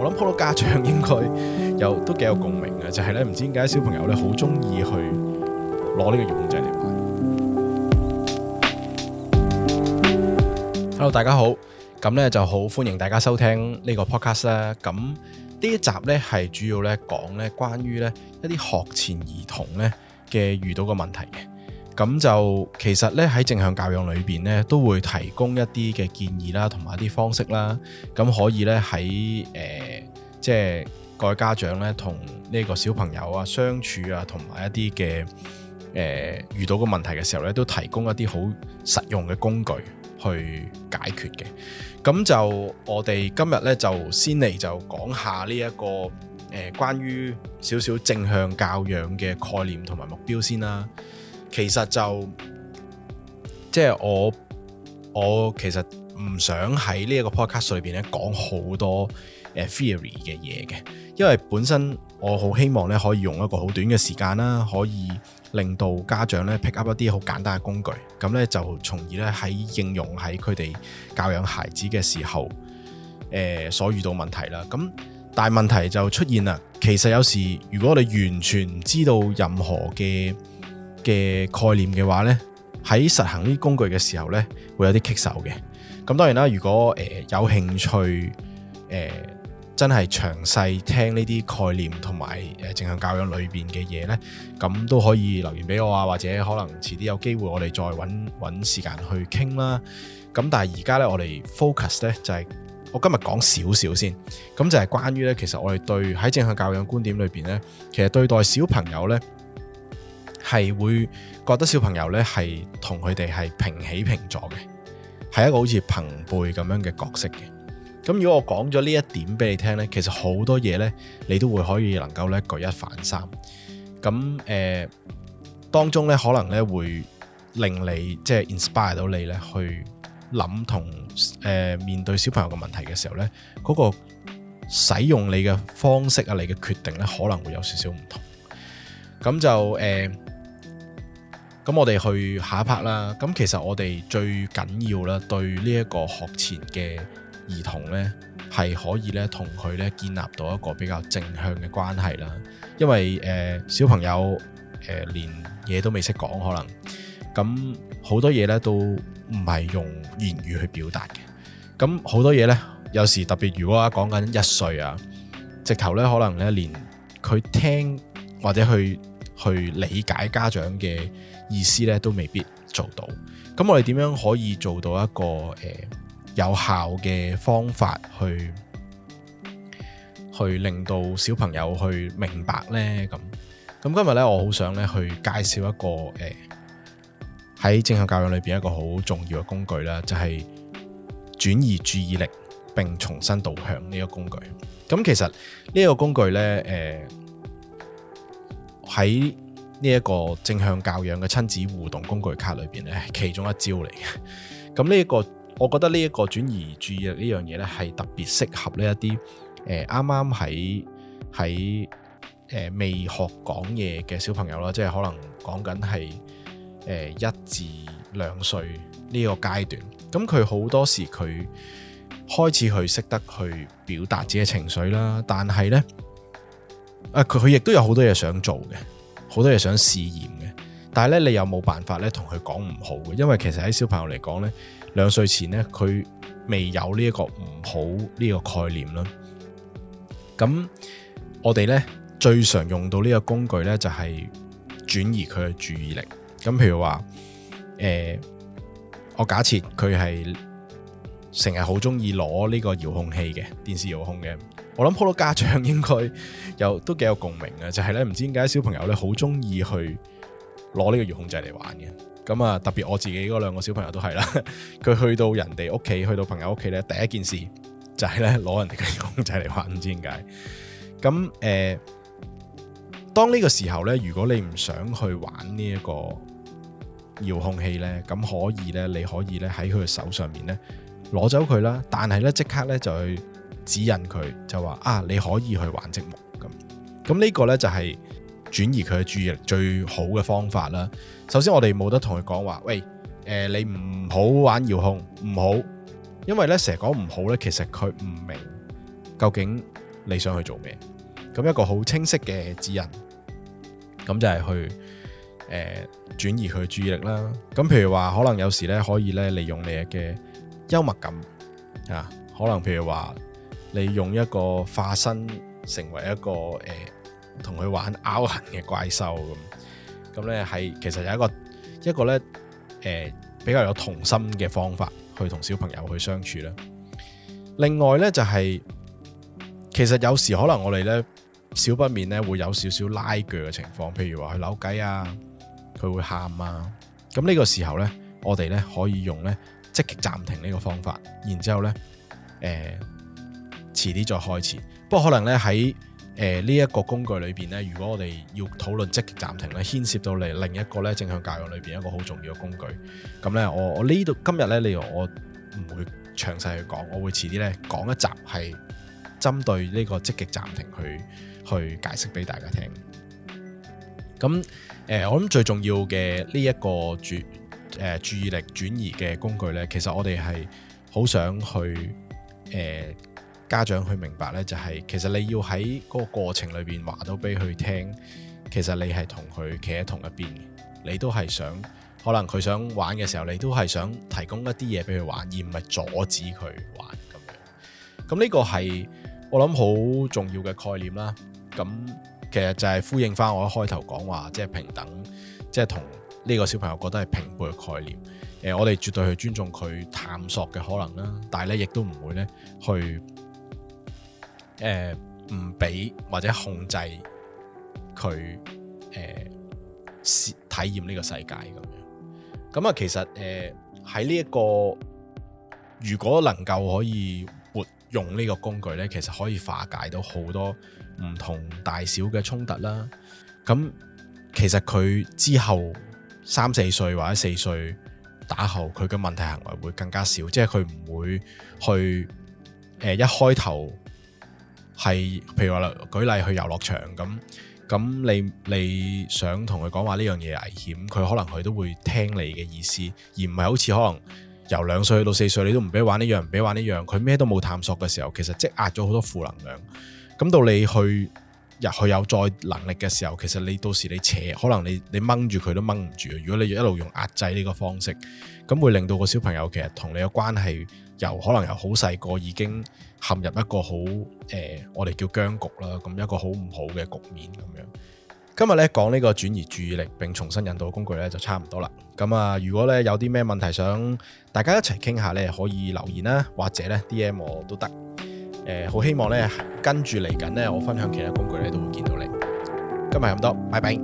我諗好多家長應該又都幾有共鳴嘅，就係咧唔知點解小朋友咧好中意去攞呢個遙控仔嚟玩。Hello，大家好，咁咧就好歡迎大家收聽呢個 podcast 啦。咁呢一集咧係主要咧講咧關於咧一啲學前兒童咧嘅遇到嘅問題嘅。咁就其實咧喺正向教養裏邊咧都會提供一啲嘅建議啦，同埋一啲方式啦，咁可以咧喺誒。呃即係各位家長咧，同呢個小朋友啊相處啊，同埋一啲嘅誒遇到嘅問題嘅時候咧，都提供一啲好實用嘅工具去解決嘅。咁就我哋今日咧就先嚟就講下呢一個誒關於少少正向教養嘅概念同埋目標先啦。其實就即係我我其實。唔想喺呢一個 podcast 裏邊咧講好多 theory 嘅嘢嘅，因為本身我好希望咧可以用一個好短嘅時間啦，可以令到家長咧 pick up 一啲好簡單嘅工具，咁咧就從而咧喺應用喺佢哋教養孩子嘅時候誒所遇到問題啦。咁但係問題就出現啦。其實有時如果你完全唔知道任何嘅嘅概念嘅話咧，喺實行呢工具嘅時候咧，會有啲棘手嘅。咁當然啦，如果誒、呃、有興趣誒、呃、真係詳細聽呢啲概念同埋誒正向教養裏邊嘅嘢呢，咁都可以留言俾我啊，或者可能遲啲有機會我哋再揾揾時間去傾啦。咁但係而家呢，我哋 focus 呢就係、是、我今日講少少先，咁就係關於呢，其實我哋對喺正向教養觀點裏邊呢，其實對待小朋友呢，係會覺得小朋友呢係同佢哋係平起平坐嘅。係一個好似朋輩咁樣嘅角色嘅，咁如果我講咗呢一點俾你聽呢，其實好多嘢呢，你都會可以能夠呢舉一反三，咁誒、呃、當中呢，可能呢會令你即係、就是、inspire 到你呢去諗同誒面對小朋友嘅問題嘅時候呢，嗰、那個使用你嘅方式啊，你嘅決定呢，可能會有少少唔同，咁就誒。呃咁我哋去下一 part 啦。咁其實我哋最緊要呢，對呢一個學前嘅兒童呢，係可以呢同佢呢建立到一個比較正向嘅關係啦。因為誒、呃、小朋友誒、呃、連嘢都未識講，可能咁好多嘢呢都唔係用言語去表達嘅。咁好多嘢呢，有時特別如果啊講緊一歲啊，直頭呢可能呢連佢聽或者去。去理解家長嘅意思呢，都未必做到。咁我哋點樣可以做到一個、呃、有效嘅方法去去令到小朋友去明白呢？咁咁今日呢，我好想呢去介紹一個誒喺正向教養裏面一個好重要嘅工具啦，就係、是、轉移注意力並重新導向呢個工具。咁其實呢個個工具呢。呃喺呢一個正向教養嘅親子互動工具卡裏邊咧，其中一招嚟嘅。咁呢一個，我覺得呢一個轉移注意力呢樣嘢呢，係特別適合呢一啲誒啱啱喺喺誒未學講嘢嘅小朋友啦，即係可能講緊係誒一至兩歲呢個階段。咁佢好多時佢開始去識得去表達自己嘅情緒啦，但係呢。啊！佢佢亦都有好多嘢想做嘅，好多嘢想試驗嘅。但係咧，你又冇辦法咧同佢講唔好嘅，因為其實喺小朋友嚟講咧，兩歲前咧佢未有呢一個唔好呢個概念啦。咁我哋咧最常用到呢個工具咧就係轉移佢嘅注意力。咁譬如話，誒、呃，我假設佢係成日好中意攞呢個遙控器嘅電視遙控嘅。我諗好多家長應該有都幾有共鳴嘅，就係咧唔知點解小朋友咧好中意去攞呢個遙控掣嚟玩嘅。咁啊，特別我自己嗰兩個小朋友都係啦。佢 去到人哋屋企，去到朋友屋企咧，第一件事就係咧攞人哋嘅遙控掣嚟玩，唔知點解。咁誒、呃，當呢個時候咧，如果你唔想去玩呢一個遙控器咧，咁可以咧，你可以咧喺佢嘅手上面咧攞走佢啦。但係咧，即刻咧就去。指引佢就話啊，你可以去玩積木咁，咁呢個呢，就係轉移佢嘅注意力最好嘅方法啦。首先我哋冇得同佢講話，喂，誒，呃，你唔好玩遙控唔好，因為呢成日講唔好呢，其實佢唔明究竟你想去做咩。咁一個好清晰嘅指引，咁就係去誒呃轉移佢注意力啦。咁譬如話可能有時呢，可以呢，利用你嘅幽默感啊，可能譬如話，你用一個化身成為一個誒，同、呃、佢玩咬痕嘅怪獸咁，咁咧係其實有一個一個咧誒、呃、比較有童心嘅方法去同小朋友去相處啦。另外咧就係、是、其實有時候可能我哋咧少不免咧會有少少拉鋸嘅情況，譬如話佢扭計啊，佢會喊啊，咁呢個時候咧我哋咧可以用咧積極暫停呢個方法，然之後咧誒。呃遲啲再開始，不過可能咧喺誒呢一個工具裏邊咧，如果我哋要討論積極暫停咧，牽涉到你另一個咧正向教育裏邊一個好重要嘅工具。咁咧，我我呢度今日咧，你我唔會詳細去講，我會遲啲咧講一集係針對呢個積極暫停去去解釋俾大家聽。咁誒，我諗最重要嘅呢一個注誒注意力轉移嘅工具咧，其實我哋係好想去誒。呃家長去明白呢，就係其實你要喺嗰個過程裏邊話到俾佢聽，其實你係同佢企喺同一邊嘅，你都係想，可能佢想玩嘅時候，你都係想提供一啲嘢俾佢玩，而唔係阻止佢玩咁樣。咁呢個係我諗好重要嘅概念啦。咁其實就係呼應返我一開頭講話，即係平等，即係同呢個小朋友覺得係平輩嘅概念。誒，我哋絕對去尊重佢探索嘅可能啦，但係呢亦都唔會呢去。誒，唔俾或者控制佢誒，試體驗呢個世界咁樣。咁啊，其實誒喺呢一個，如果能夠可以活用呢個工具咧，其實可以化解到好多唔同大小嘅衝突啦。咁、嗯、其實佢之後三四歲或者四歲打後，佢嘅問題行為會更加少，即係佢唔會去誒、呃、一開頭。係，譬如話舉例去遊樂場咁，咁你你想同佢講話呢樣嘢危險，佢可能佢都會聽你嘅意思，而唔係好似可能由兩歲到四歲，你都唔俾玩呢樣，唔俾玩呢樣，佢咩都冇探索嘅時候，其實積壓咗好多負能量。咁到你去入去有再能力嘅時候，其實你到時你扯，可能你你掹住佢都掹唔住。如果你一路用壓制呢個方式，咁會令到個小朋友其實同你嘅關係。又可能由好細個已經陷入一個好、呃、我哋叫僵局啦，咁一個好唔好嘅局面咁樣。今日咧講呢個轉移注意力並重新引導工具咧就差唔多啦。咁啊，如果咧有啲咩問題想大家一齊傾下咧，可以留言啦，或者咧 DM 我都得。誒，好希望咧跟住嚟緊咧，我分享其他工具咧都會見到你。今日咁多，拜拜。